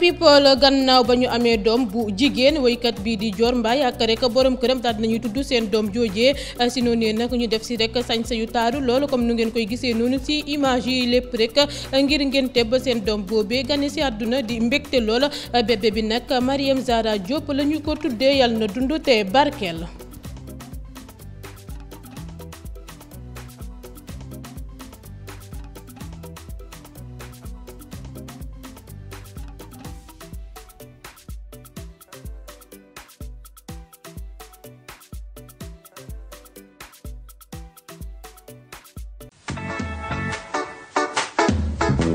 people gannaaw ba ñu amee doom bu jigéen woykat bii di Dior Mbaye ak rek borom këram daal dinañuy tudd seen doom joojee si noonu nag ñu def si rek sañse yu taaru loolu comme nu ngeen koy gisee noonu si image yi lépp rek ngir ngeen teb seen doom boobe gane si àdduna di mbégte lool bébé bi nag Mariam Zara Diop la ñu ko tuddee yal na dund te barkeel.